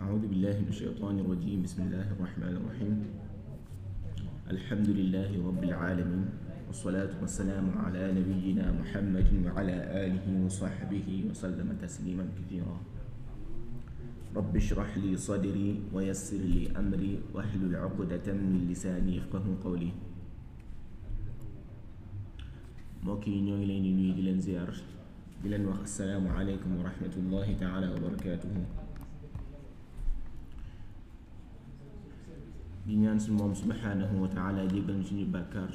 أعوذ بالله من الشيطان الرجيم بسم الله الرحمن الرحيم الحمد لله رب العالمين والصلاة والسلام على نبينا محمد وعلى آله وصحبه وسلم تسليما كثيرا رب اشرح لي صدري ويسر لي أمري واحلل عقدة من لساني يفقه قولي mbokk yi ñoo ngi leen di nuyu di leen ziar di leen wax asalaamu aleykum wa rahmatullahi taala wa barakatuhu di ñaan si moom subhaanahu wa taala jéggal ñu suñu bàkkaar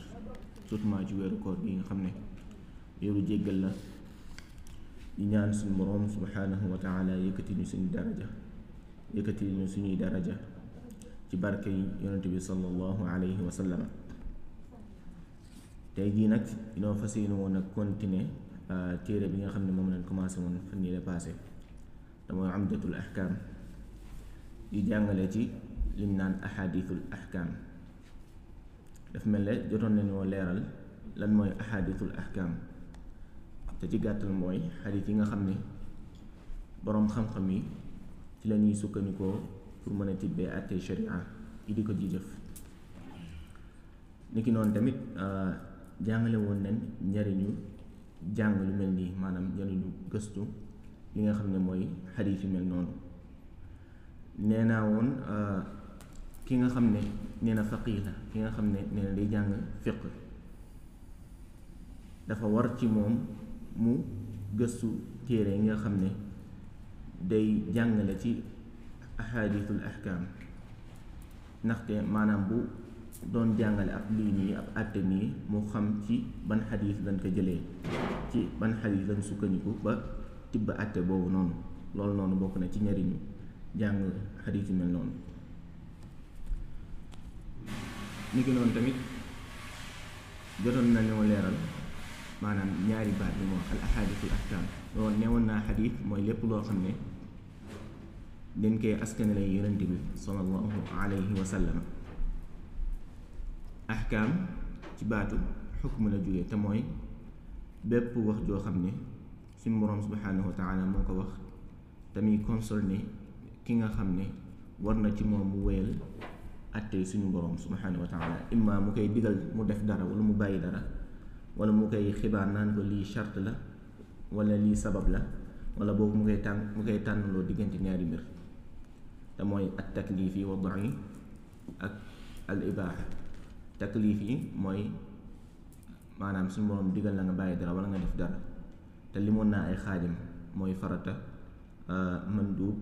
surtout ci weeru koor gi nga xam ne weeru jéggal la di ñaan suñu boroom subhaanahu wa taala yëkkati ñu suñu daraja yëkkati ñu suñuy daraja ci barke yonent bi sallallahu alayhi wa sallam tey jii nag dinoo fas yéene woon ak continuer euh, téere bi nga xam ne moom lañ commencé woon fan yii la passé te mooy amdatul ahkaam di jàngale ci liñ naan ahadithul ahkam daf mel ne jotoon nañoo leeral lan mooy ahadithul ahkam te ci gàttal mooy xadis yi nga xam ne boroom xam-xam yi ci la ñuy sukkandikoo pour mën a tibbee àttee sharia yi di ko ji jëf niki noonu tamit euh, jàngale woon nañ njariñu jàng lu mel nii maanaam njariñu gëstu li nga xam ne mooy xadis yu mel noonu nee woon euh, ki nga xam ne nee na faqih la ki nga xam ne nee na day jàng fiq dafa war ci moom mu gëstu téere yi nga xam ne day jàngale ci ahadithul ahkam ndaxte maanaam bu doon jàngale ab lii nii ab àtte nii mu xam ci ban xadis lañ ko jëlee ci ban xadis lañ sukkandiku ba tibb àtte boobu noonu loolu noonu bokk na ci njariñu jàng xadis na noonu ni ki tamit jotoon nañoo leeral maanaam ñaari baat yi moo al ahadisul ahkaam loolu neewoon naa xadiis mooy lépp loo xam ne dañ koy askanale yonent bi sallallahu alayhi wa ahkaam ci baatu xukm la jógee te mooy bépp wax joo xam ne suñu boroom subhaanahu wa taala moo ko wax te muy concerné ki nga xam ne war na ci moom mu wéyal attey suñu boroom subhaanahu wa taala imma mu koy digal mu def dara wala mu bàyyi dara wala mu koy xibaar naan ko lii charte la wala lii sabab la wala boobu mu koy tànn mu koy tànnaloo diggante ñaari mbir te mooy at taklif yi wadda yi ak al ibaaxa taklif yi mooy maanaam suñu boroom digal na nga bàyyi dara wala nga def dara te limoon naa ay xaajam mooy farata ah, mandub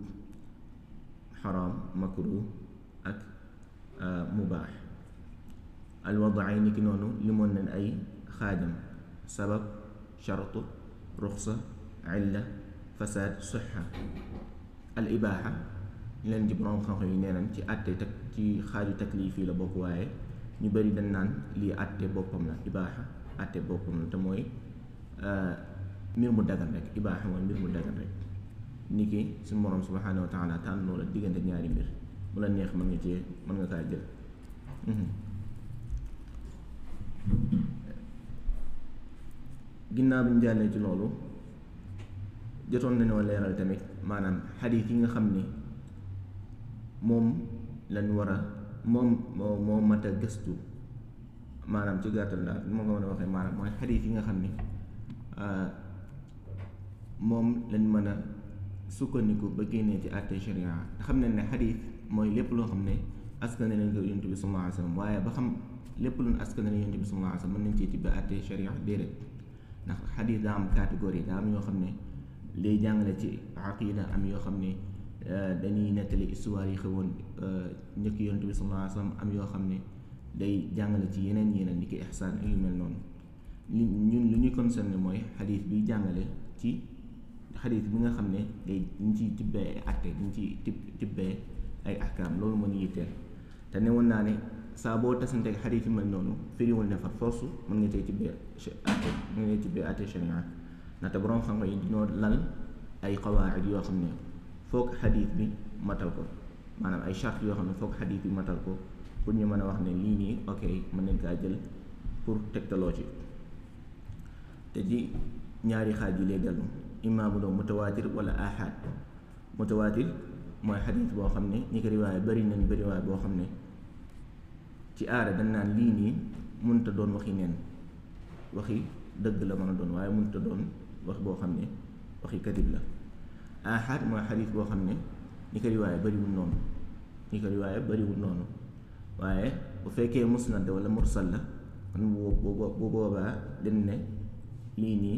xaraam makruh ak Euh, mubaax alwadaayi niki noonu limoon nañ ay xaajam sabab shartu ruxsa illa fasaad suxa al ibaaxa leen di borom xam yu yi nee ci àtte tak ci xaaju taklif yi la bokk waaye ñu bari dañ naan lii àtte boppam la ibaaxa àtte boppam la te mooy euh, mbir mu dagan rek ibaaxa mooy mbir mu dagan rek niki suñu borom subhaanahu wa taala tànnoo la diggante ñaari mbir bu la neex mën nga cee mën nga kaa jël mhm. ginnaaw bi ñu jàllee ci loolu jotoon nañoo leeral tamit maanaam xadiis yi nga xam ni moom lañu war a moom moo mat a gëstu maanaam ci gàttal daal moo nga mën a waxee maanaam mooy xadiis yi nga xam ni ah, moom lañ mën a sukkandiku ba génnee ci àtte sharia xam nañ ne xadiis mooy lépp loo xam ne askan ne nañ ko yonent bi sallallahu alayhi wasallam waaye ba xam lépp lu askan ne nañ yonent bi sallallahu alayhi wasallam mën nañ cee tibb àtte sharia déedéet ndax xadiis daa am catégorie daa am yoo xam ne liy jàngale ci aqida am yoo xam ne euh, dañuy nettali histoire yi xewoon euh, njëkk yonent bi sallallahu alayhi wasallam am yoo xam ne day jàngale ci yeneen yeneen ni ki ihsaan ak yu mel noonu li ñun lu ñu concerné mooy xadiis biy jàngale ci xadiis bi nga xam ne day dañ ciy tibbee àtte dañ ciy tibbee ay ahkaam loolu moo nu yitteel te ne woon naa ne saa boo tasante ak xarit yi mel noonu firiwul ne fa force mën nga tey ci biir atte mën nga ci biir atte sharia ndaxte borom xam-xam yi dinoo lal ay xawaarid yoo xam ne foog xadis bi matal ko maanaam ay charte yoo xam ne foog xadis bi matal ko pour ñu mën a wax ne lii nii ok mën nañ kaa jël pour tegtaloo ci te ji ñaari xaaj yu lay dellu imma bu doon mutawaatir wala ahad mooy xadis boo xam ne ñi ko riwaay bari nañ bari waay boo xam ne ci aada dañ naan lii nii mënut a doon waxi neen waxi dëgg la mën a doon waaye mënut a doon wax boo xam ne waxi kadib la ahad mooy xadis boo xam ne ñi ko riwaay bariwul noonu ñi ko riwaay bariwul noonu waaye bu fekkee musnad wala mursal la man bu boobaa dañ ne lii nii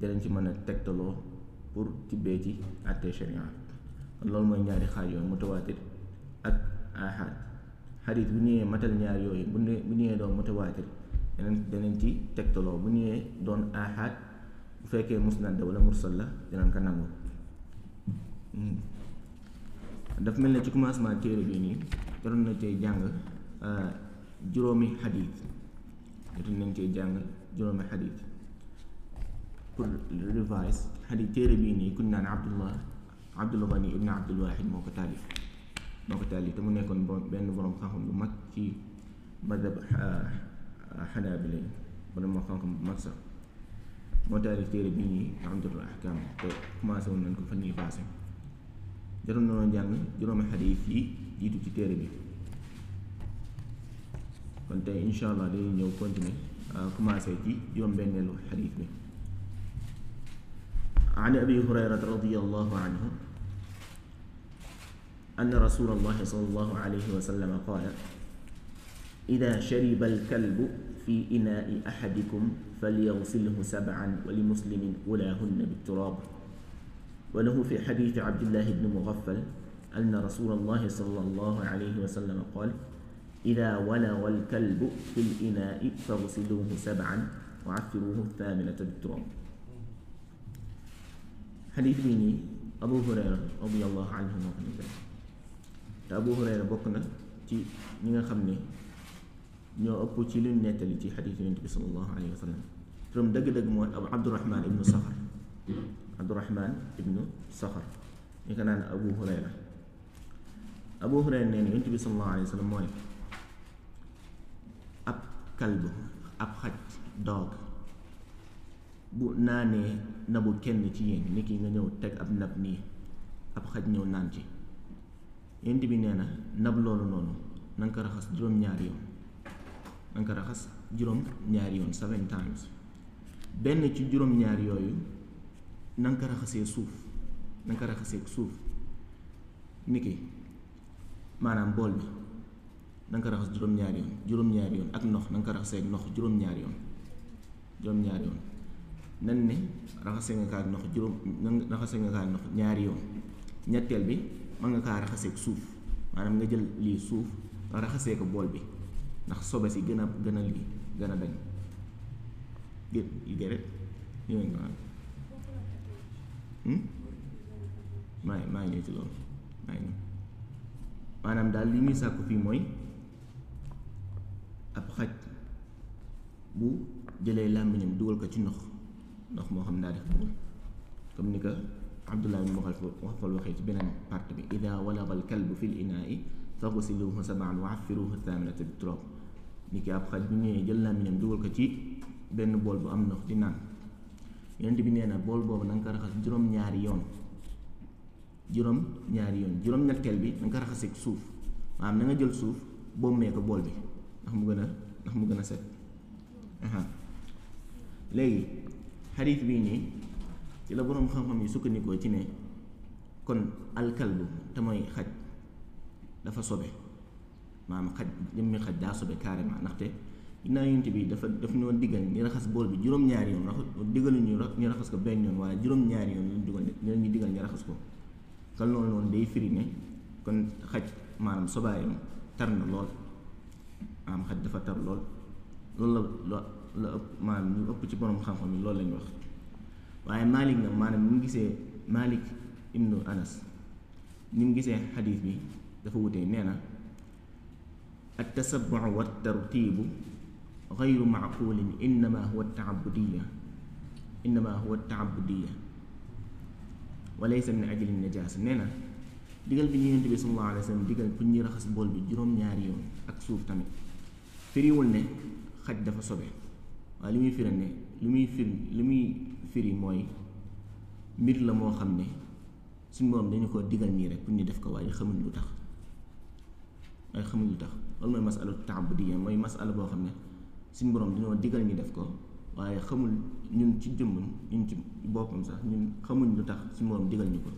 danañ ci mën a tegtaloo pour tibbee ci àtte sharia loolu mooy ñaari xaaj yooyu mutawaatir ak ahad xadis bu ñëwee matal ñaar yooyu bu ne bu ñëwee doon mutawaatir daneen daneen ci tegtaloo bu ñëwee doon ahad bu fekkee musnad wala mursal la dinañ ko nangu hmm. daf mel ne ci commencement téere bi nii jotoon na cee jàng euh, juróomi xadis nañ cee jàng juróomi xadis pour revise xadis téere bii nii kuñ naan Abdullah Abdul Ghani ibn Abdul Wahid moo ko taalif moo ko taalif te mu nekkoon benn borom xam lu bu mag ci madhab xanaabila ah, borom moo xam-xam bu mag sax moo taalif téere bi ñuy Umdatul Ahkaam te commencé nañ ko fan yii passé jotoon nañoo juróomi xadiis yi jiitu ci téere bi kon tey ñëw continuer ah, commencé ci juróom-benneelu xadiis bi an abi hurayrata radiallahu anhu anna rasulallahi sallallahu alayhi wa sallam qaala ida shariba alkalbu fi inaai ahadikum falyagsilhu sab'an wa li muslimin ulaahunna bituraab wa lahu fi xadiisi abdillahi bni mugaffal anna rasulallahi sallallahu alayhi wa sallam qaala ida walaga alkalbu fi linaai fagsiluuhu sab'an wa affiruuhu thaaminata bituraab xadiis bi nii Abu Hurayra radiyallahu anhu moo ko te Abu Hurayra bokk na ci ñi nga xam ni ñoo ëpp ci luñ nettali ci xadiis yonent bi sallallahu alayhi wa sallam turam dëgg-dëgg mooy ab Abdurahman ibnu Saxar Abdurahman ibnu Saxar ñu ko naan Abu Hurayra Abu Hurayra nee na yonent bi sallallahu alayhi mooy ab kalbu ab xaj doog bu naanee nabu kenn ci yéen nit ki nga ñëw teg ab nab nii ab xaj ñëw naan ci yent bi nee na nab loolu noonu na nga ko raxas juróom-ñaari yoon na nga ko raxas juróom-ñaari yoon seven benn ci juróom-ñaari yooyu na ko raxasee suuf na nga ko suuf niki maanaam bool bi na nga juróom-ñaari yoon juróom-ñaari yoon ak ndox na nga ko raxasee ndox juróom-ñaari yoon juróom-ñaari yoon nan ne raxasee nga kaa ndox juróom nan raxasee nga kaa ndox ñaari yoon ñetteel bi mën nga kaa raxasee ak suuf maanaam nga jël lii suuf nga raxasee ko bool bi ndax sobe si gën a gën a lii gën a dañ gét gérét ñëwee nga maa maa ngi maanaam daal li ñuy sàkku fii mooy ab xaj bu jëlee làmmiñam dugal ko ci ndox ndox moo xam daa def comme ni ko Abdullah ibn Mughaffal waxee ci beneen partie bi ida walaga al kalbu fi l inaai faghsiluhu sab'an wa affiruhu thaaminata bi turab ni ki ab xaj bu ñëwee jël làmmiñam dugal ko ci benn bool bu am ndox di naan yonent bi nee na bool boobu na nga ko raxas juróom-ñaari yoon juróom ñaari yoon juróom-ñetteel bi na nga ko raxasee suuf maanaam na nga jël suuf bommee ko bool bi ndax mu gën a ndax mu gën a set léegi xadiis bii nii ci la boroom xam-xam yi sukkandikoo ci ne kon alkalbu te mooy xaj dafa sobe maanaam xaj jëmmi xaj daa sobe carrément ndaxte ginnaaw yonent bi dafa daf ñu woon diggal ñu raxas bool bi juróom-ñaari yoon raxas diggalu ñu ñu raxas ko benn yoon waaye juróom-ñaari yoon ñu digal ñu digal ñu raxas ko kon loolu noonu day firi ne kon xaj maanaam sobaayam tar na lool maanaam xaj dafa tar lool loolu la la ëpp maanaam ñu ëpp ci boroom xam-xam yi loolu lañu wax waaye Malik nag maanaam ni mu gisee Malik ibnu Anas ni mu gisee xadiis bi dafa wute nee na at tasabuxu wa tartiibu gayru macquulin innama huwa taabudiya innama huwa taabudiya wa laysa min ajli najaasa nee na digal bi ñu wa sallam digal pour ñuy raxas bool bi juróom-ñaari yoon ak suuf tamit firiwul ne xaj dafa sobe waaye li muy firi ne muy firi li muy firi mooy mbir la moo xam ne si moom dañu ko digal nii rek pour ñu def ko waaye xamuñ lu tax waaye xamuñ lu tax loolu mooy masala taabudiya mooy masala boo xam ne suñ borom dañoo digal ñu def ko waaye xamul ñun ci jëmmam ñun sax ñun xamuñ lu tax suñ borom digal ñu ko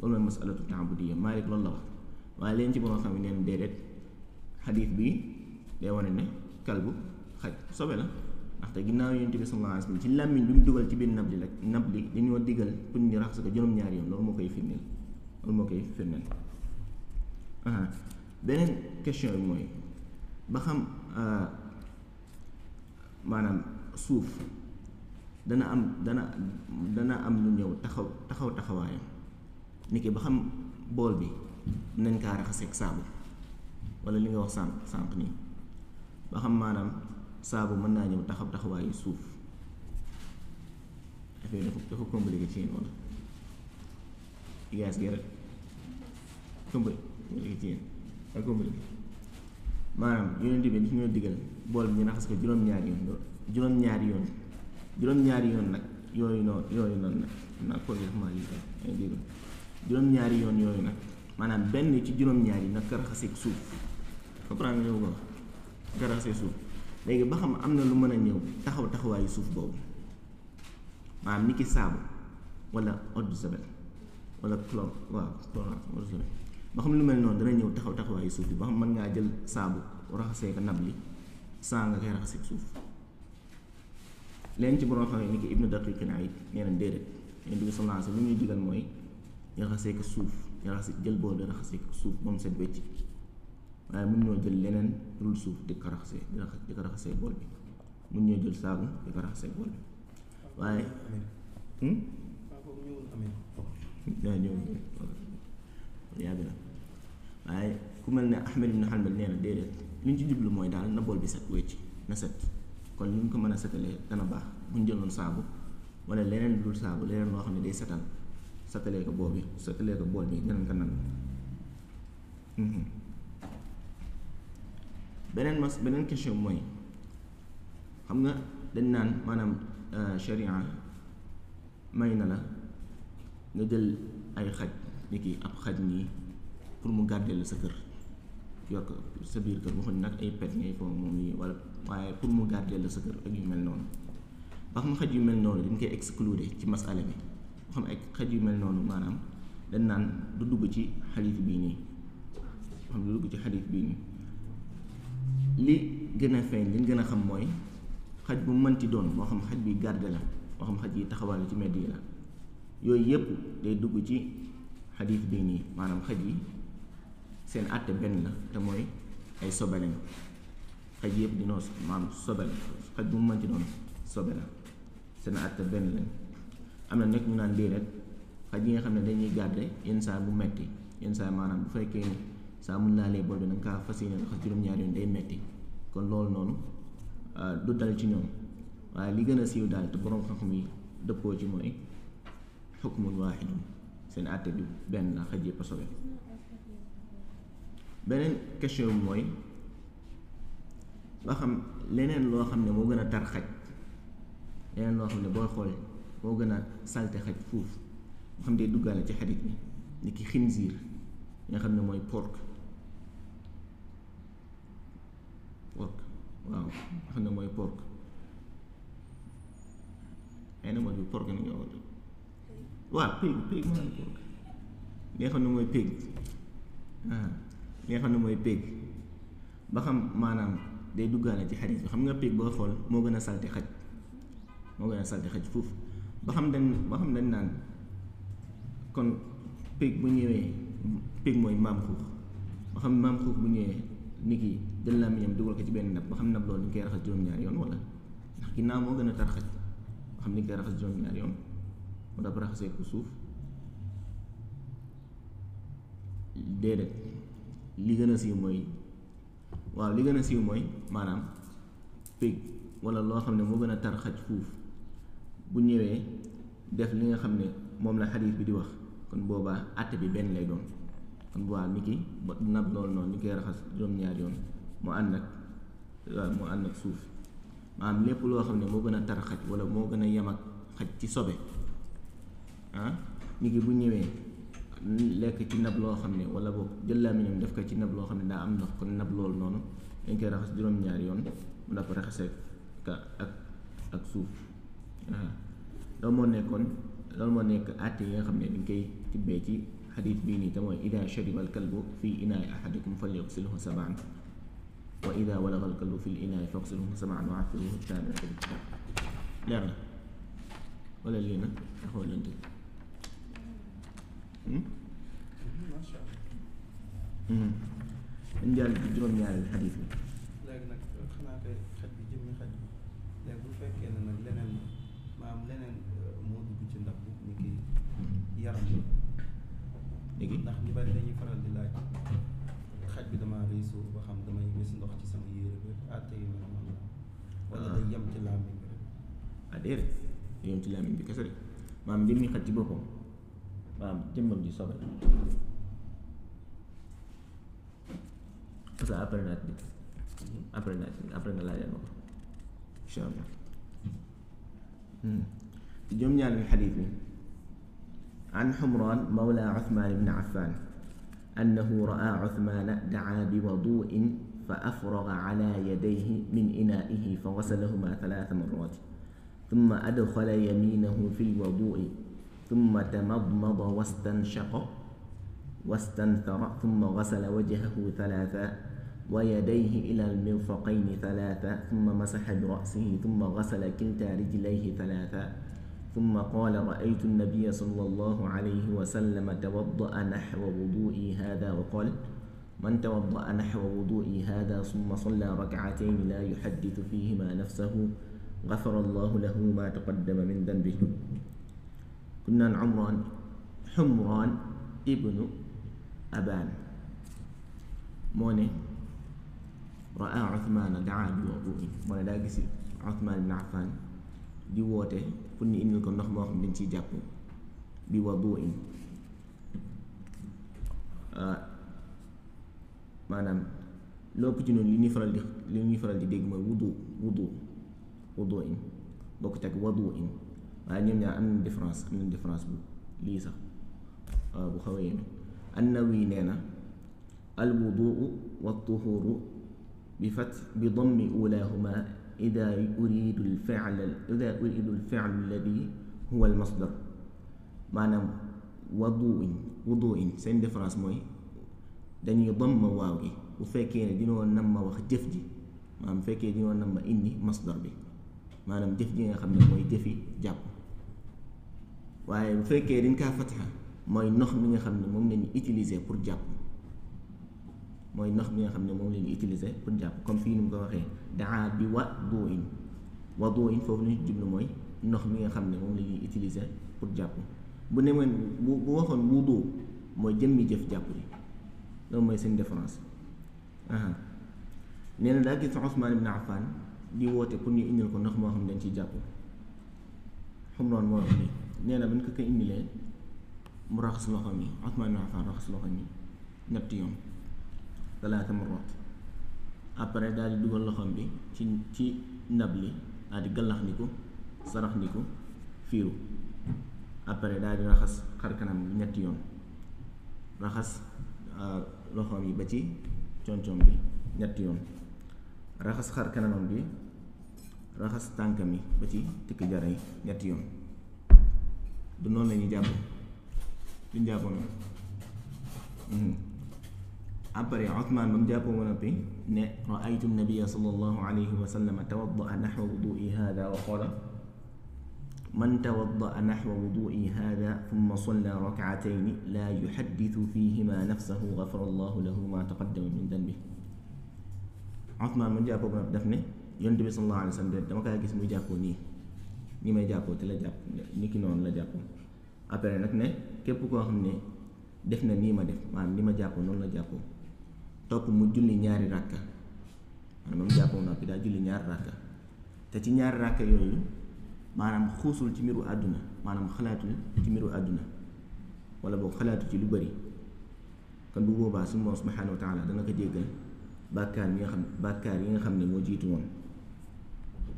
loolu mooy masalatu taabudiya Maalik loolu la wax waaye leen ci borom xam ne neen déedéet xadiis bi day wane ne kalbu xaj sobe la ndaxte ginnaaw yonent bi sallallahu alayhi wasallam ci làmmiñ bi mu dugal ci biir nab li rek nab li dañoo digal pour ni raxas ko juróom-ñaari yoon loolu moo koy firndeel loolu moo koy firndeel beneen question bi mooy ba ah, maanaam suuf dana am dana dana am lu ñëw taxaw taxaw taxawaayam ni ki bool bi dinañ kaa saabu wala li nga wax sànq sànq ba xam maanaam saabu mën naa ñëw taxaw taxawaayu suuf affaire dafa dafa compliqué ci yéen wala gaz gi rek compliqué ci yéen dafa compliqué maanaam yonent bi dañu digal bool bi ñu raxas ko juróom-ñaari yoon juróom-ñaari yoon yoon nag yooyu noonu nag naa ko def maa lii juróom-ñaari yoon yooyu nag maanaam benn ci juróom-ñaari nag raxaseeg suuf comprendre nga li suuf. léegi ba xam am na lu mën a ñëw taxaw taxawaayu suuf boobu maanaam ni ki saabu wala eau de Javel wala chlore waaw chlorant eau de ba xam lu mel noonu dana ñëw taxaw taxawaayu suuf bi ba xam mën ngaa jël saabu raxasee ko ndab li saa nga koy raxasee suuf leen ci borom xam ne ni ki Ibnu Daqiq An-Iid nee na déedéet yéen dugg semence lu muy digal mooy raxasee ko suuf raxasee jël boobu raxasee ko suuf ba mu set wecc waaye mun ñoo jël leneen dul suuf di ko raxasee di ko raxasee bool bi mun ñoo jël saabu di ko raxasee bool bi waaye hmm? waaye ku mel ne Ahmed ibn Hanbal nee na déedéet li ñu ci jublu mooy daal na bool bi set wecc na set kon li ñu ko mën a setalee dana baax bu ñu jëloon saabu wala leneen dul saabu leneen loo xam ne day setal setalee ko bool bi setalee ko bool bi gën a nga nan beneen mas beneen question mooy xam nga dañ naan maanaam euh, sharia may na la nga jël ay xaj ni ki ab xaj nii pour mu garder la sa kër yor ko sa biir kër ne nag ay pet ngay foofu moom yi wala waaye pour mu gàddee la sa kër ak yu mel noonu ba ma xaj yu mel noonu dañ koy exclure ci masala bi ba xam ay xaj yu mel noonu maanaam dañ naan du dugg ci xadiis bii nii xam du dugg ci xadiis bii nii li gën a feeñ li gën a xam mooy xaj bu mënti doon moo xam xaj bi garde la moo xam xaj yi taxawal ci mbedd yi la yooyu yëpp day dugg ci xadiis bii nii maanaam xaj yi seen àtte benn la te mooy ay sobe lañu xaj yëpp dinoo maanaam sobe la xaj bu mënti doon sobe la seen àtte benn lañ am na nekk ñu naan déedéet xaj yi nga xam ne dañuy garde yenn bu metti yenn maanaam bu fekkee ni saa mun laalee bool bi na nga kaa fas yéene raxas juróom-ñaari yoon day metti kon loolu noonu euh, du dal ci ñoom waaye li gën a siiw daal te boroom xam-xam yi dëppoo ci mooy xukmun waaxidun seen àtte bi benn la xëj sobe beneen question mooy loo xam leneen loo xam ne moo gën a tar xaj leneen loo xam ne booy xool moo gën a salte xaj fuuf moo xam ne duggaale ci xarit bi ni ki xinziir nga xam ne mooy port porc waaw xam ne mooy porc animal bi porc ni ñoo ko tudd mooy porc li nga xam ne mooy pig li ah, nga xam ne mooy pig ba xam maanaam day duggaale ci xarit bi xam nga pig boo xool moo gën a salte xaj moo gën a salte xaj foofu ba xam dañ ba xam dañ naan kon pig bu ñëwee pig mooy maam xuux ba xam maam xuux bu ñëwee nit kii jël laa dugal ko ci benn ndab ba xam ndab loolu ñu koy raxas juróom-ñaari yoon wala ndax ginnaaw moo gën a tarxaj ba xam ni ñu koy raxas juróom-ñaari yoon wala ba suuf déedéet li gën a siiw mooy waaw li gën a siiw mooy maanaam pég walla loo xam ne moo gën a tarxaj fuuf bu ñëwee def li nga xam ne moom la xadiis bi di wax kon boobaa àtte bi benn lay doon kon bu waa mi ki ba nab loolu noonu ñu koy raxas juróom-ñaari yoon mu ànd ak waaw mu ànd ak suuf maanaam lépp loo xam ne moo gën a tar xaj wala moo gën a yem ak xaj ci sobe ah mi ki bu ñëwee lekk ci nab loo xam ne wala boog jël làmmiñam def ko ci nab loo xam ne daa am ndox kon nab loolu noonu dañ koy raxas juróom-ñaari yoon mu daf raxasee ak ak suuf loolu moo nekkoon loolu moo nekk àtte yi nga xam ne dañ koy tibbee ci xadis bii nii te mooy ida shariba alkalbu fii inaay ahadikum falyaxsilhu sabaan wa ida walaga alkalbu fi l inaay faxsilhu sabaan wa afiruhu taabiata bi kitaab leer na wala lii nag taxawalante dañ jàll ci juróom-ñaareel xadis bi léegi nag xanaa kay xaj bi jëmmi xaj bi léegi bu fekkee ne nag leneen maam leneen moo dugg ci ndab bi ni ki yaram léegi ndax ñu bari dañuy faral di laaj xaj bi damaa riisu ba xam damay gis ndox ci sama yére bi àtte yu mel noonu wala day ah. yem ci làmmiñ bi rek. ah déedéet day yem ci làmmiñ bi kese de maanaam jëmmi xaj ci boppam maanaam jëmmam nga laajal ma ko incha an xumran mawla usmaan ibn affan annahu raa usmaana daa bi waduin fa afraga ala yadayhi min inaaihi fa wasalahuma talaata marrat tumma adxala yaminahu fi lwadui tumma tamadmada wastanshaqa wastanthara tumma gasala wajhahu talaata ويديه إلى المرفقين ثلاثة ثم مسح برأسه ثم غسل كلتا رجليه ثلاثة ثم قال رأيت النبي صلى الله عليه وسلم توضأ نحو وضوئي هذا وقال من توضأ نحو وضوئي هذا ثم صلى ركعتين لا يحدث فيهما نفسه غفر الله له ما تقدم من ذنبه كنا عمران حمران ابن أبان موني رأى عثمان دعا بوضوئه وانا لا عثمان بن عفان di woote pour ñu indil ko ndox moo xam dañ ciy jàpp bi wa bu in ah, maanaam lopp ci noonu li ñuy faral di li ñuy faral di dégg mooy wudu wudu wudu in bokk teg wadu in waaye ñoom ñaar am na différence am na différence bu lii sax ah, bu xaw a yéeme annawi nee na al wuduu wa tuhuuru bi fat bi dammi ulaahuma ida uridu l fi'la ida uridu l fi'lu alladi huwa al masdar maanaam waduin waduin seen différence mooy dañuy ma waaw gi bu fekkee ne dinoo nam ma wax jëf ji maanaam bu fekkee dinoo nam ma indi masdar bi maanaam jëf ji nga xam ne mooy jëfi jàpp waaye bu fekkee dañ kaa fatxa mooy nox mi nga xam ne moom lañu utiliser pour jàpp mooy ndox mi nga xam ne moom la ñu utiliser pour jàpp comme fii ni mu ko waxee daa bi wa doo in wa doo in foofu li ñu jublu mooy ndox mi nga xam ne moom lañuy ñuy utiliser pour jàpp bu ne man bu bu waxoon wudu mooy jëmmi jëf jàpp li loolu mooy seen différence nee na daa gis Usmaan ibn Affan di woote pour ñu indil ko ndox moo xam ne dañ ciy jàpp xumroon moo wax nii nee na bu ko ko indilee mu raxas loxo mi Usmaan ibn Affan raxas loxo mi ñetti yoon. talaata marrat après daal di dugal loxoom bi ci ci ndab li daal di gallax ndiku sarax ndiku fiiru après daal di raxas xar kanam bi ñetti yoon raxas euh, loxoom yi ba ci coñcoñ bi ñetti raxas bi raxas tànkam yi ba ci tikki jara ñetti yoon du noonu lañu ñuy jàpp duñ jàppoon mm-hmm. après Ousmane ba mu jàppoo ba noppi ne raaytu nabia sallallahu alayhi wa sallam tawaddaa naxwa wudui hada wa qala man tawaddaa naxwa wudui hada thumma salla rakaatayni laa yuxadditu fihima nafsahu gafara allahu lahu ma taqaddama min danbi Ousmane ba mu jàppoo ba noppi daf ne yonent bi sallallahu alayhi wa sallam dama kaa gis muy jàppoo nii ni may jàppoo te la jàpp ni ki noonu la jàppoo après nag ne képp koo xam ne def na nii ma def maanaam ni ma jàppoo noonu la jàppoo topp mu julli ñaari ràkka man moom jàpp noppi daa julli ñaari ràkka te ci ñaari ràkka yooyu maanaam xuusul ci mbiru àdduna maanaam xalaatul ci mbiru àdduna wala boo xalaatu ci lu bari kon bu boobaa su moom subhaanahu wa taala dana ko jéggal bàkkaar yi nga xam bàkkaar yi nga xam ne moo jiitu woon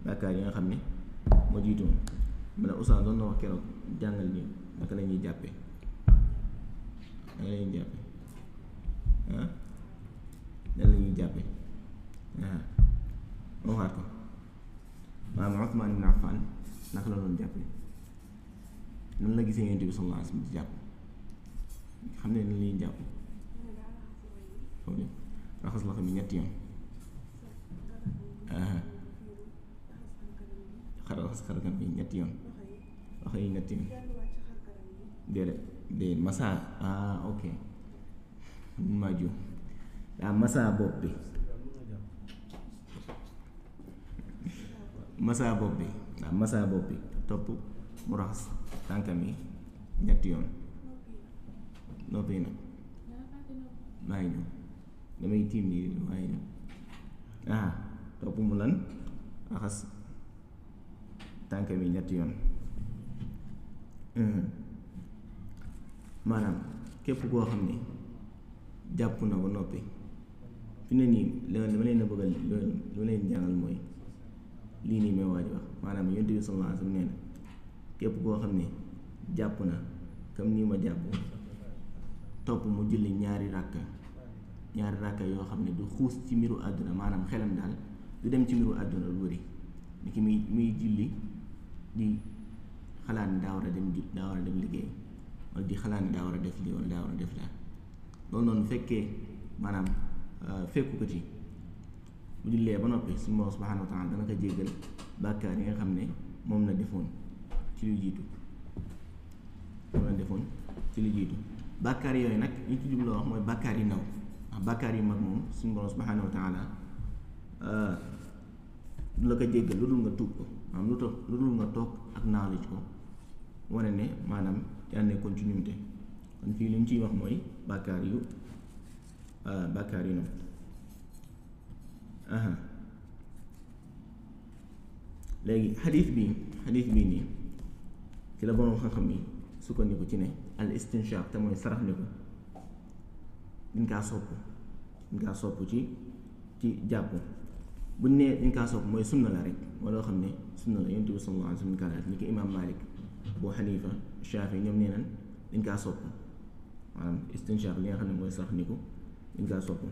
bàkkaar yi nga xam ne moo jiitu woon mu ne Oustaz doon na wax keroog jàngal ni naka lañuy ñuy jàppee nan la ñuy jàppe waaw waxaat ko maanaam Usmaan ibn Affaan naka la doon jàppe nan la gisee Yonent bi sallallahu alayhi wa sallam jàpp xam ne nan jàpp raxas loxo mi ñetti yoon raxas xarkan ñetti yoon loxo yi ñetti masaa ah ok mun maa daa masaa bopp bi masaa bopp bi daa masaa bopp bi topp mu raxas tànkam yi ñetti yoon nopp yi nag maa ñëw damay tiim nii waaye ngi ñëw ah topp mu lan raxas tànkam yi ñetti yoon maanaam képp koo xam ne jàpp na ba noppi fi ne nii li ma leen a bëgg a leen ñaanal mooy lii nii may waaj wax maanaam yonent bi sallallahu alayhi wa sallam na képp koo xam ne jàpp na comme nii ma jàpp topp mu jël ñaari ràkka ñaari ràkka yoo xam ne du xuus ci mbiru àdduna maanaam xelam daal du dem ci mbiru àdduna lu bëri ni ki muy muy julli di xalaat ne war a dem ju daa war a dem liggéey wala di xalaat ne war a def lii wala daa war a def laa loolu noonu fekkee maanaam fekku ko ci bu jullee ba noppi suñu borom subhaanahu wa taala dana ko jéggal bàkkaar yi nga xam ne moom la defoon ci lu jiitu moom la defoon ci lu jiitu bàkkaar yooyu nag ñu ci jubloo wax mooy bàkkaar yi ndaw ndax bàkkaar yu mag moom suñu borom subhaanahu wa taala euh, du la ko jéggal lu dul nga tuub ko maanaam lu toog dul nga toog ak naaluj ko wane ne maanaam yaa nekkoon ci ñumte kon fii li ñu ciy wax mooy bàkkaar yu Ah, Bakari ነው léegi xadiis bi xadiis bii nii ci la boroom xam-xam yi sukkandiku ci ne al istinshaq te mooy sarax ni ko dañ kaa sopp dañ kaa sopp ci ci jàpp buñ nee dañ kaa sopp mooy sunna la rek moo loo xam ne sunna la yonent bi sallallahu alayhi wa sallam ni ko imaam Maalik Abu Xanifa Shaafi ñoom nee nañ dañ kaa sopp maanaam istinshaq li nga xam ne mooy sarax ni dañ kaa sopp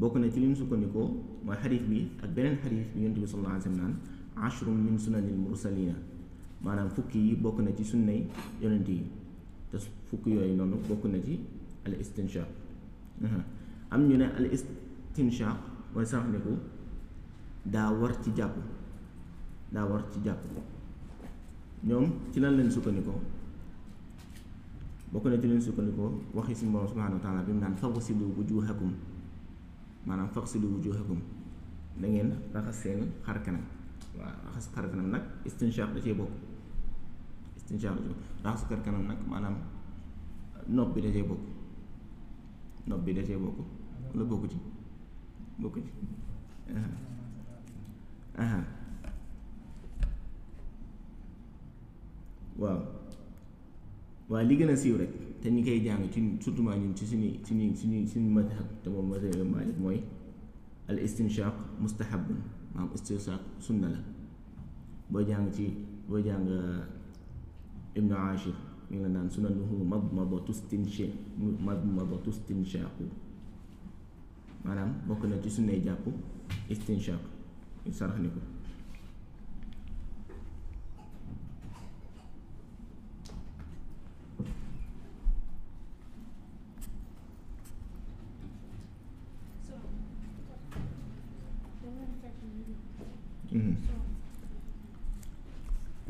bokk na ci li mu sukkandikoo mooy xadis bi ak beneen xadis bi yonent bi sallallahu alayhi wa sallam naan ashrun min sunanil mursalina maanaam fukki yi bokk na ci sunnay yonent yi te fukki yooyu noonu bokk na ci al istinshaq am ñu ne al istinshaq mooy ko daa war ci jàpp daa war ci jàpp ñoom ci lan leen sukkandikoo bokk na ci leen sukkandikoo waxi si borom subhanahu wa bi mu naan fagsilu wujuhakum maanaam fagsilu wujuhakum da ngeen raxas seen xar kanam waaw raxas xar kanam nag istinshaq da cee bokk da cee bokk xar kanam nag maanaam nopp bi da cee nopp bi da cee bokk wala bokku ci bokku ci waaw waaye li gën a siiw rek te ñi koy jàng ci surtout ñun ci suñu suñu suñu suñu mazhab te moom mazhab Maalik mooy al istinshaq mustahabun maanaam istinshaq sunna la boo jàng ci boo jàng euh, ibnu ngi la naan sunanuhu madmadatu istinshaq madmadatu istinshaqu maanaam bokk na ci suñuy jàpp istinshaq ñu sarax ni ko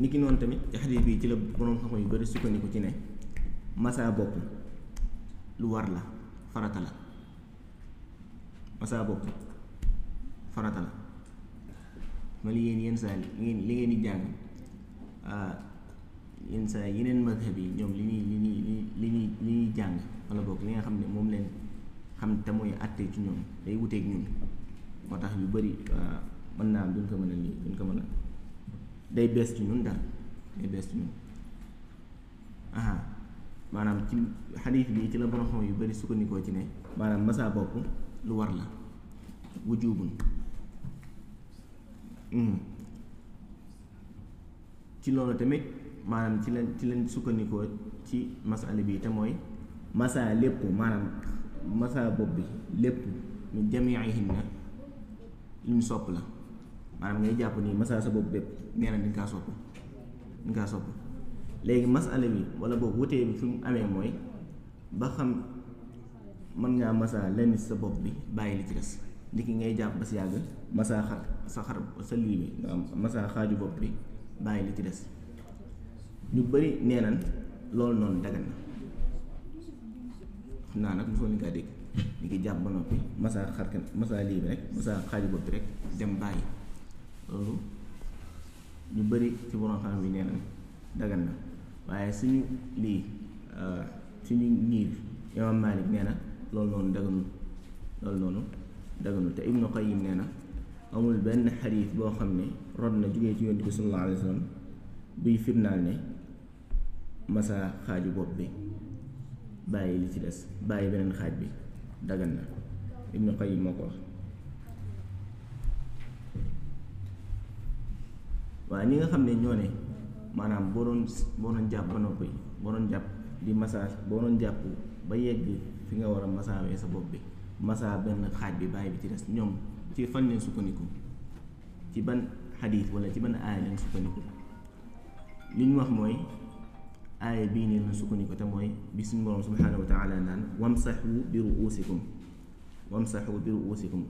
ni ki noonu tamit ci bii bi ci la boroom xam-xam ci ne massa lu war la farata la massa bopp farata la ma li yéen yenn saa li ngeen li ngeen di jàng ah, yenn saa yeneen madhab yi ñoom li ñuy li ñuy jàng wala boog li nga xam ne moom leen xam te mooy àtte ci ñoom day wuteek ñun moo tax yu bari ah, mën naa am duñ ko mën a lii duñ ko mën a day bees ci ñun daal day bees ci ñun aha maanaam ci xadiis bi ci la borom xam yu bari sukkandikoo ci ne maanaam masaa bopp lu war la wujubun hmm. ci loolu tamit maanaam ci la ci leen sukkandikoo ci masala bi te mooy masaa lépp maanaam masaa bopp bi lépp mu jamiihinna lu ñu sopp la maanaam ngay jàpp nii masala sa bopp bépp nee na dañ kaa soppi dañ kaa soppi léegi masala bi wala boobu wutee bi fi mu amee mooy ba xam mën ngaa masala lenn sa bopp bi bàyyi li ci des ndiki ngay jàpp ba si yàgg masaa xar sa xar sa lii bi nga am masaa bopp bi bàyyi li ci des ñu bëri neenan nañ loolu noonu dagan na xam naa nag mosoo ni kaa dégg ndiki jàpp ba noppi masaa xar kan masaa lii bi rek masaa xaaju bopp bi rek dem bàyyi loolu ñu bëri ci borom xam yi nee na dagan na waaye suñu lii euh, suñu ngir imaam Maalik nee na loolu noonu daganul loolu noonu daganul te Ibnu Qayyim nee na amul benn xadiis boo xam ne rod na jógee ci yonent bi sallallahu alayhi wa sallam buy firnaal ne masa xaaju bopp bi bàyyi li ci des bàyyi beneen xaaj bi dagan na Ibnu Qayyim moo ko waaye ñi nga xam ne ñoo ne maanaam boo doon boo jàpp ba noppi boo doon jàpp di masaa boo doon jàpp ba yegg fi nga war a massaawee sa bopp bi massa benn xaaj bi bàyyi bi ci des ñoom ci fan leen sukkandiku ci ban xadiis wala ci ban aaya leen sukkandiku li ñu wax mooy aaya bii nii la te mooy bi suñu boroom subhaanahu wa taala naan wamsaxu bi ruusikum wamsaxu bi ruusikum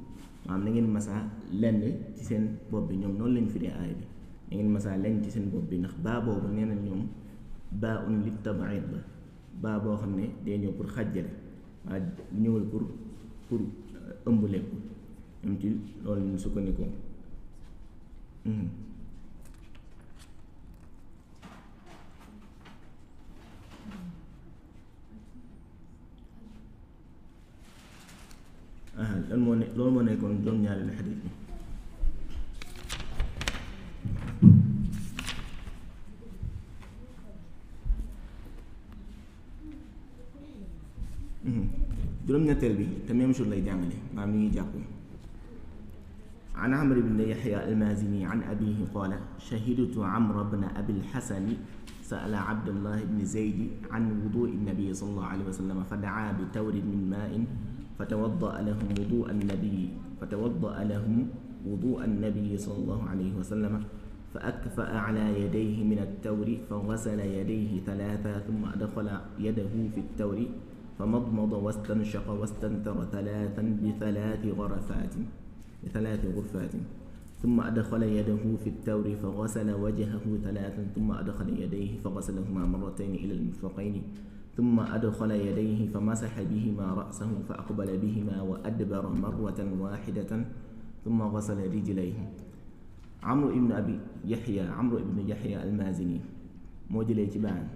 maanaam na ngeen masaa lenn ci seen bopp bi ñoom noonu lañ firee aaya bi da masaa lañ ci seen bopp bi ndax baa boobu nee na ñoom baa un lit tabaid ba baa boo xam ne day ñëw pour xàjjale waaye ñëwul pour pour euh, ëmb lépp ñoom ci loolu ñu sukkandikoo hmm. ah, lan moo ne loolu moo nekkoon doom ñaareelu xadiis bi Mhm. juróom-ñetteel bi te même jour lay jàngale maanaam ni ñuy jàpp an amr ibn yaxya almazini an abihi qaala shahidtu amr bn abi lxasani sala abdullah ibn zaydi an wudui nabiyi sallallahu alayhi wa sallam fa daa bi tawrin min maain fa tawaddaa lahum wudua nabiyi fa tawaddaa lahum wudua nabiyi sallallahu alayhi wa sallam fa akfaa ala yadayhi min altawri fa gasala yadayhi talaata thumma adxala yadahu fi ttawri فمضمض واستنشق واستنثر ثلاثا بثلاث غرفات بثلاث غرفات ثم أدخل يده في التور فغسل وجهه ثلاثا ثم أدخل يديه فغسلهما مرتين إلى المرفقين ثم أدخل يديه فمسح بهما رأسه فأقبل بهما وأدبر مرة واحدة ثم غسل رجليه عمرو بن أبي يحيى عمرو بن يحيى المازني moo jëlee ci baayam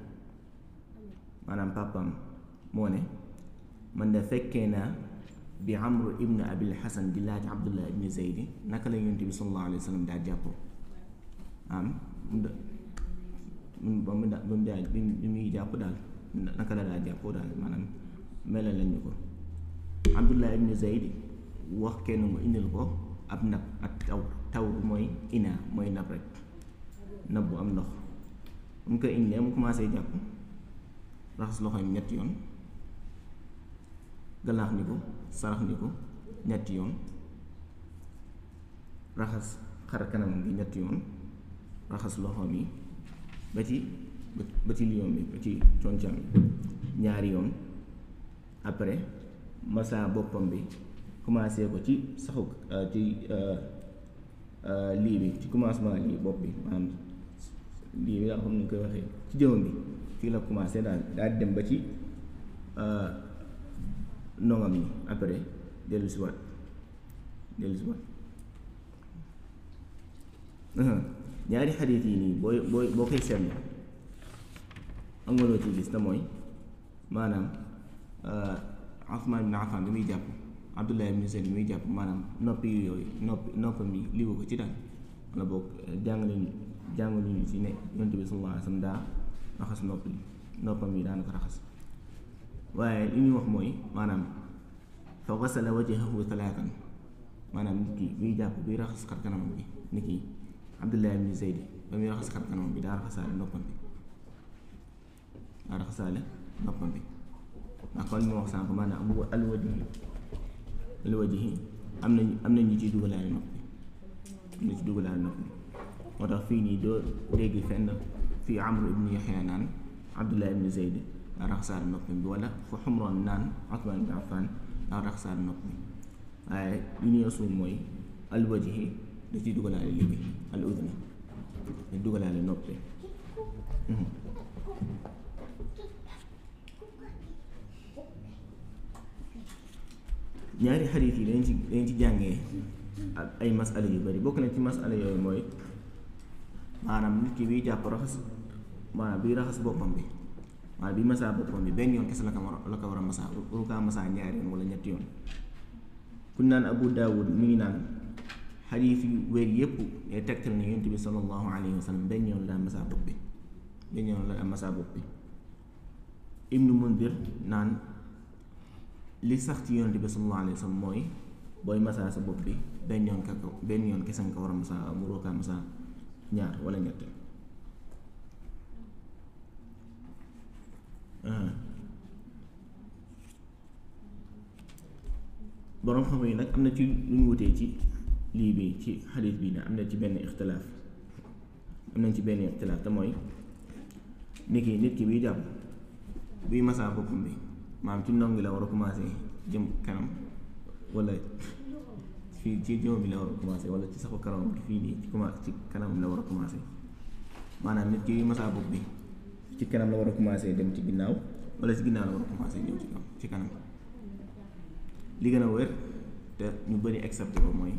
maanaam papaam moo ne man da fekkee naa bi amru ibnu abil xasan di laaj abdullah ibnu zeydi naka la yonent bi sallallahu alayhi daa jàppoo am ba mu jàpp daal naka la daa jàppoo daal maanaam melal lañu ko abdullah ibnu zeydi wax kenn mu indil ko ab nab ak taw taw mooy ina mooy nab rek nab bu am ndox mu ko indee mu commencé jàpp raxas loxoom ñett yoon gëlaax ndiku sarax ko ñetti yoon raxas xar kanamam bi ñetti yoon raxas loxo yi ba ci ba ci lion bi ci concam ñaari yoon après masa boppam bi commencé ko ci saxu euh, ci euh, euh, lii bi ci commencement lii bopp bi maanaam lii bi daa xam ni koy waxee ci jëwam bi fii la commencé daal daal dem ba ci ndongam ñi après dellu si waat dellu si waat ñaari xadiit yi nii booy booy boo koy seetlu am nga loo ci gis te mooy maanaam ah, Usmaan ibn Affaan bi muy jàpp Abdullah ibn Zayd bi muy jàpp maanaam noppi yu yooyu noppi noppam yi liwu ko ci daan wala boog jàngaluñu jàngaluñu ci ne yonent bi sallallahu alayhi wa sallam daa raxas noppi noppam yi daana raxas waaye li ñuy wax mooy maanaam fa wasala wajhahu talaatan maanaam nit ki buy jàpp buy raxas xar bi nit ki Abdullah ibn Zayd ba muy raxas xar kanamam bi daa raxasaale noppam bi daa raxasaale noppam bi ndax kon ñu wax sànq maanaam bu alwajhi alwajhi am nañu am ci dugalaale nopp bi am na ci dugalaale nopp bi moo tax fii nii doo dégg fenn fii Amr ibn Yahya naan Abdullah ibn Zayd daa raxasaale noppam bi wala fu xumroon naan Usmaan bin Affaan daa raxasaale noppam waaye li ñuy suum mooy alwajhi da ciy dugalaale lii bi al udna da dugalaale noppee mhm. ñaari ci dañ ci jàngee ak ay masala yu bari bokk na ci masala yooyu mooy maanaam nit ki biy jàpp raxas maanaam biy raxas boppam bi waaye bi masaa boppam bi benn yoon kese la ko war a masaa waru kaa masaa ñaari yoon wala ñetti yoon kuñ naan mi ngi naan xadiis yu wér yépp day tegtal ne yonent masaa bopp bi benn li sax ci yonent bi sallallahu alayhi wa sallam mooy booy masaa sa bopp bi benn yoon yoon kese nga war a masaa borom xam yi nag am na ci lu ñu wutee ci lii bi ci xadiis bii ne am na ci benn ixtilaaf am nañ ci benn ixtilaaf te mooy ni ki nit ki biy jàpp buy masaa boppam bi maam ci ndongi la war a commencé jëm kanam wala fii ci jëm bi la war a wala ci saxu kanam fii nii ci commencé ci kanam la war a commencé maanaam nit ki masaa bopp bi ci kanam la war a commencé dem ci ginnaaw wala ci ginnaaw la war a commencé ñëw ci kanam li gën a wér te ñu bëri accepté mooy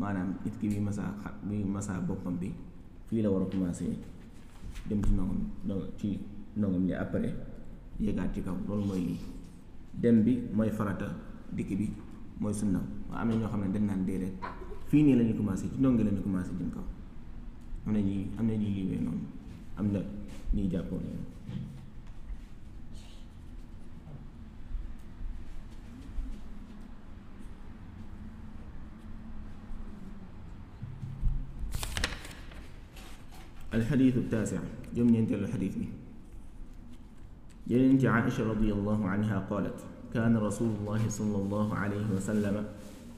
maanaam nit ki bi masaa xat bi masaa boppam bi fii la war a commencé dem ci ndongam ci ndongam li après yéegaat ci kaw loolu mooy lii bi mooy farata dikk bi mooy sunna waaye am na ñoo xam ne dañ naan déedéet fii nii la ñu commencé ci ndongi la ñu commencé jëm kaw am na ñuy am na ñuy liiwee noonu am na ñuy jàppoo noonu alxadiisu taasic juróom-ñeenteelu xadiis bi jëleen ci Aïcha radiyallahu anha qaalat kaana rasulullahi sallallahu alayhi wa sallama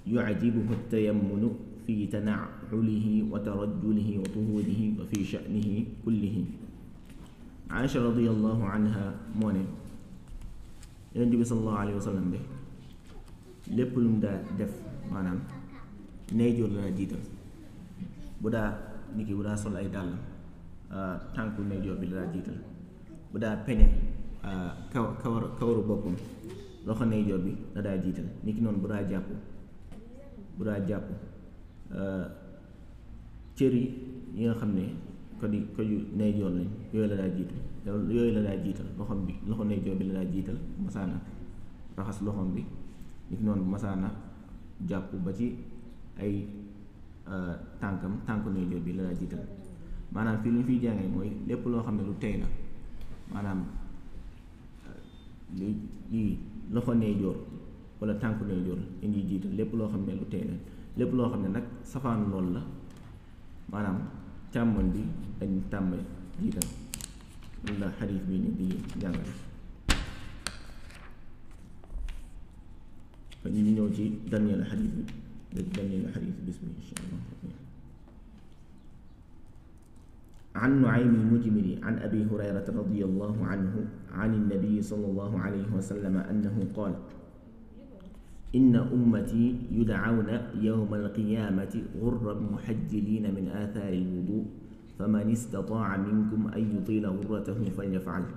yucjibuhu tayammunu fi tanaculihi wa tarajulihi wa tuhuurihi wa fi sha'nihi kullihi Aïcha radiyallahu anha moo ne yonent bi sallallahu alayhi wa sallam de lépp lu mu daa def maanaam neyjoor la jiital bu daa niki bu daa sol ay dàllam tànku ndeyjoor bi la daa jiital bu daa peñe ah, kaw kawaru kawaru boppam loxo ndeyjoor bi la daa jiital nit ki noonu bu daa jàpp bu daa jàpp ah, cër yi yi nga xam ne ko di ko yu yooyu la daa jiital yooyu la daa jiital loxoom bi loxo ndeyjoor bi la jiital masaana raxas loxoom bi nit ki noonu jàpp ba ci ay ah, tànkam tànku ndeyjoor bi la daa jiital maanaam fii lu ñu fiy jàngee mooy lépp loo xam ne lu tey la maanaam li loxo nee joor wala tànk nee joor dañuy jiital lépp loo xam ne lu tey la lépp loo xam ne nag safaan lool la maanaam càmmoñ bi dañ tàmbal jiital loolu la xadiis bi ni di jàngale kon ñu ñëw ci dernier xadiis bi dernier xadiis bis bi an nuaymi mujmiri an abi hurayrata radiallahu anhu an innabiyi sallallahu alayhi wa sallam annahu qaala inna ummati yudcawna yowma alqiyaamati gurran muxajjiliina min aathaari alwudu faman istataaca minkum an yutiila gurratahu falyafcal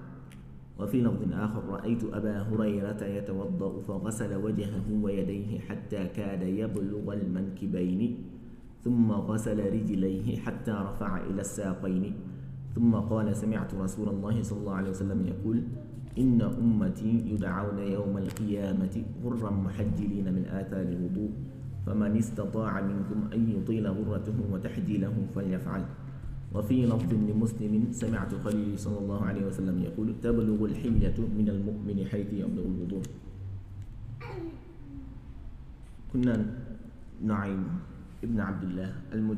wa fi lafdin aaxar raaytu abaa hurayrata yatawaddau fa gasala wajhahu wa yadayhi xatta kaada yabluga almankibayni thumma ghasala rijlayhi hatta rafa'a ila saaqayni thumma qaala sami'tu rasulallahi sallallahu alayhi wa sallam yaqul inna ummati yud'awna yawma alqiyamati ghurran muhajjilina min athari alwudu faman istata'a minkum an yutila ghurratahu wa tahjilahu falyaf'al وفي لفظ لمسلم سمعت خليلي صلى الله عليه وسلم يقول تبلغ الحلية من المؤمن حيث يبلغ الوضوء كنا نعيم ibn abdillah al moo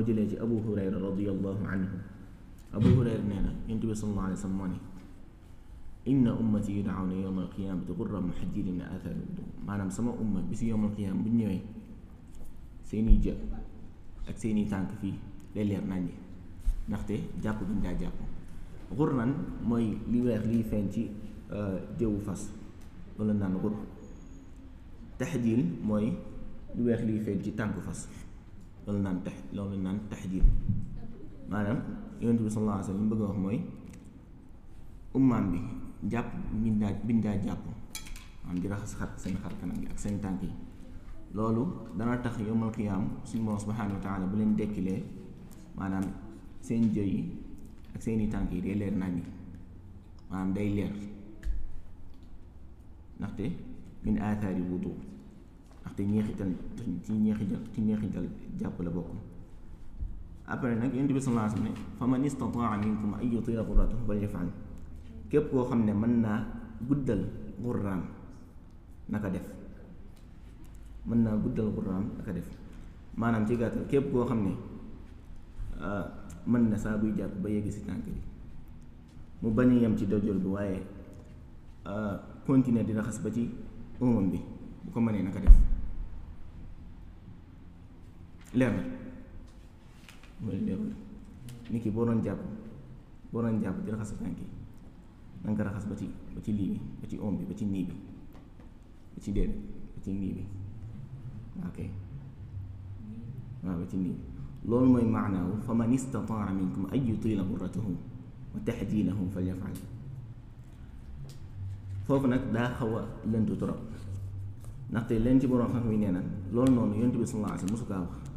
jëlee ci abu hurayra radiallahu anhu abu hurayra nee na yonent bi sallallahu alayhi wa sallam moo ne inna ummati yud'awna yawma a ghurran muhajjalina athari maanaam sama umma bi si yawmal qiyaama bu ñëwee seeni jë ak seeni tànk fii lay leer naññi ndaxte jàpp bi ñu daa jàpp xurnan mooy li weex liy feeñ ci euh, jëwu fas loolu naan xur taxjiil mooy lu weex liy feeñ ci tànk fas loolu naan tax loolu naan taxjiib maanaam yonent bi sallallahu alayhi bëgg wax mooy ummaam bi jàpp biñ jàpp maanaam di raxas xar seen xar kanam gi ak seen tànk yi loolu dana tax yawmal qiyaam suñu moom subhaanahu wa taala bu leen dekkilee maanaam seen jëy yi ak seeni tànk yi day leer nañ ni maanaam day leer ndaxte min aathaari wudu ndaxte ñeexital ci ñeexital ci ñeexital jàpp la bokk après nag yonent bi sallallahu alayhi wa sallam ne fa man istataa minkum an yutila ghurratahu falyaf'al képp koo xam ne mën naa guddal xurraam naka def mën naa guddal xurraam naka def maanaam ci gàttal képp koo xam ne ah, mën na saa buy jàpp ba yegg si tànk bi mu bañ a yem ci dojol bi waaye ah, continuer di raxas ba ci umam bi bu ko mënee naka def leer na nit ki boo doon jàpp boo doon jàpp di raxas tànk ko raxas ba ci ba ci lii bi ba ci om bi ci nii bi ba ci ci nii bi ok waaw ba ci nii bi loolu mooy maanaawu fa man istataara minkum ay yutila foofu nag daa xaw a lëntu trop ndaxte leen ci borom xam-xam yi nee loolu noonu yonent bi sallallahu kaa wax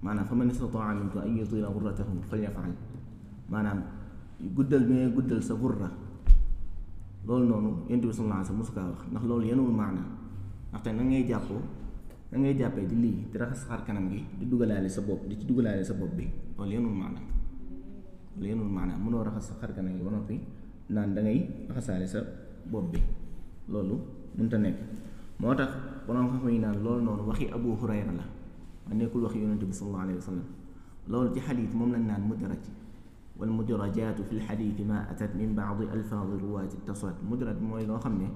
maanaam fa man istataa minkum an yutila gurratahum falyafal maanaam guddal bi ngay guddal sa gurra loolu noonu yonent bi sallallahu alayhi wasallam musu wax ndax loolu yenuwul maanaa ndaxte na ngay jàppoo na ngay jàppee di lii di raxas xar kanam gi di dugalaale sa bopp di ci dugalaale sa bopp bi loolu yenuwul maana loolu yenuwul maana mënoo raxas sa xar kanam gi ba noppi naan da ngay raxasaale sa bopp bi loolu te nekk moo tax borom xam-xam yi naan loolu noonu waxi Abu la nekkul wax yonente bi sallallahu alayhi wa sallam loolu ci xadiit moom lañ naan mudraj wal mudrajaatu fi lxadiiti ma atat min baadi alfaadi ruwaati taswat mudraj mooy loo xam ne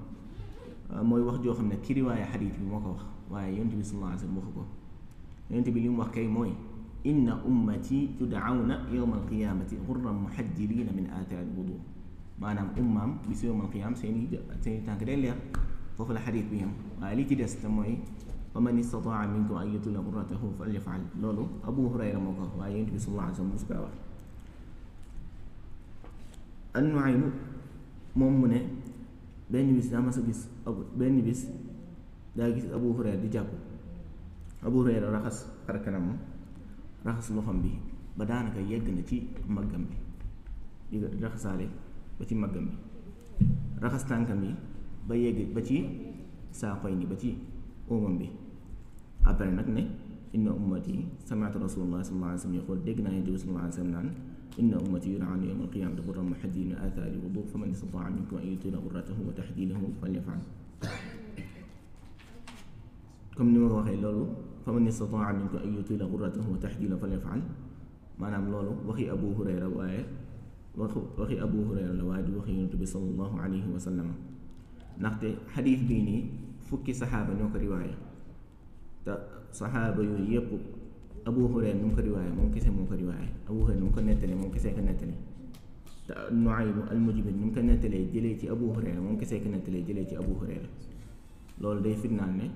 mooy wax joo xam ne ki riwaaya xadiit bi moo ko wax waaye yonente bi sallallahu alayhi wa sallam waxu ko yonente bi li mu wax kay mooy inna ummati tud'awna yawma alqiyaamati xurran muhajjiliina min aathaari alwudu maanaam ummaam bis yawma alqiyaam seen i seen i tànk day leer foofu la xadiit bi yam waaye li ci des te mooy wa man istataa minkum an yutila urratahu falyafal loolu abu hurayra moo ko waaye yonent bi sallallahu alayhi wa sallam mosu kaa wax moom mu ne benn bis daa mas gis abu benn bis daa gis abu hurayra di jàpp abu hurayra raxas xarkanamam raxas loxom bi ba daanaka yegg na ci màggam bi di raxasaale ba ci màggam bi raxas tànkam yi ba yegg ba ci saaqoy ni ba ci óomam bi après nag ne inna ummati samaatu rasulullah sallallahu alayhi wa sallam xool dégg naa ne diw sallallahu alayhi wa sallam naan inna ummati yur'auna yawmal qiyamati ghurran muhaddiina min athari wudu faman istata'a minkum an yutila ghurratahu wa tahdiidahu falyaf'al comme ni ma ko waxee loolu faman istata'a minkum an yutila ghurratahu wa tahdiidahu falyaf'al maanaam loolu waxi Abu Hurayra waaye waxu waxi Abu Hurayra la waaye di waxi Yonent bi sallallahu alayhi wa sallam ndaxte xadiis bii nii fukki saxaaba ñoo ko riwaaya te saxaaba yooyu yëpp Abu Hurayra nu mu ko riwaaye moom kese moo ko riwaaye Abu Hurayra nu mu ko nettalee moom kese ko nettalee te Nuaym al-Mujbir nu mu ko nettalee jëlee ci Abu Hurayra moom ko nettalee jëlee ci Abu loolu day firnaal ne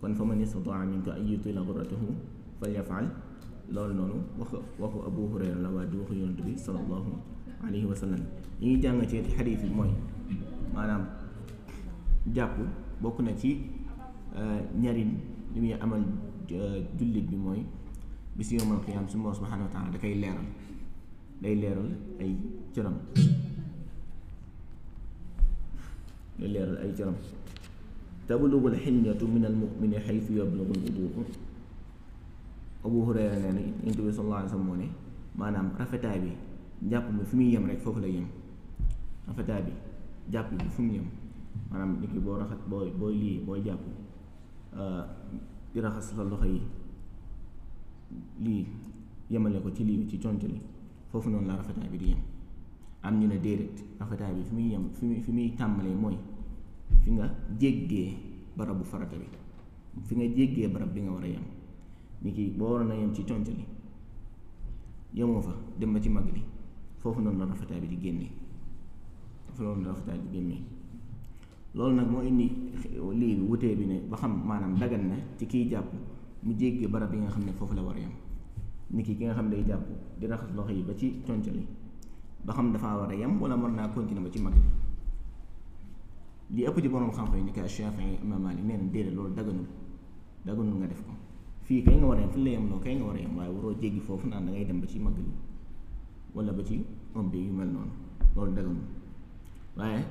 kon fa man istataa ay an yutiila ghurratahu falyafal loolu noonu waxu waxu Abu Hurayra la waa di waxu yonent bi sallallahu alayhi wa sallam li ñuy jàng ci xadiis bi mooy maanaam jàpp bokk na ci euh, ñarin li muy amal euh, jullit bi mooy bis yowmal qiyaam su moom subhaanahu wa taala leeral day leeral ay cëram day leeral ay cëram tablugul xilyatu min al mumini xaytu yablugul uduuqu Abu Hurayra nee na Yonent bi sallallahu alayhi wa sallam moo ne maanaam rafetaay bi jàpp bi fi muy yem rek foofu la yem rafetaay bi jàpp bi fu mu yem maanaam nit boo rafet booy booy lii booy jàpp euh, di raxas la loxo yi lii yemale ko ci lii ci conc li foofu noonu la rafetaay bi di yem am ñu ne déedéet rafetaay bi fi muy yem fi muy fi muy tàmbalee mooy fi nga jéggee barabu farata bi fi nga jéggee barab bi nga war a yem ni ki boo waroon a yem ci conc li yemoo fa dem ba ci mag li foofu noonu la rafetaay bi di génnee foofu noonu la rafetaay bi génnee loolu nag moo indi lii wutee bi ne ba xam maanaam dagan na ci kiy jàpp mu jéggi barab yi nga xam ne foofu la war a yem ni ki ki nga xam ne day jàpp di raxas loxo yi ba ci concal yi ba xam dafaa war a yem wala man naa continuer ba ci mag li ëpp ci borom xam-xam yi ni ka Shafii Imaam Maalik nee na déedéet loolu daganul daganul nga def ko fii kay nga la yem loo kay nga war a yem foofu naan da dem ba ci mag wala ba ci ombi yu mel noonu loolu daganul waaye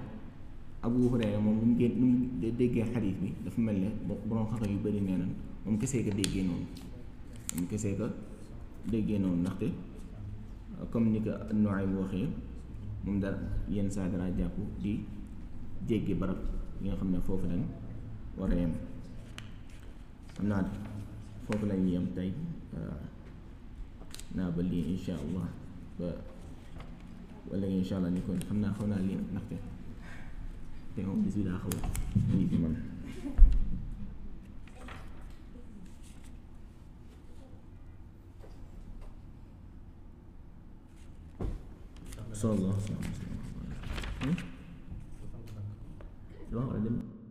Abu Hurayra moom lu mu gén lu mu déggee xadiis bi dafa mel ne borom xam yu bari nee nañ moom kesee ka déggee noonu moom kesee ka déggee noonu ndaxte comme ni ko nooy waxee moom dara yenn saa dara xam ne foofu lañ war a yem xam naa foofu lañ yem tey euh, naa ba lii insha ba wala insha ni kon xam naa xaw naa lii ndaxte te moom bis bi daa xaw a ñii fi man soo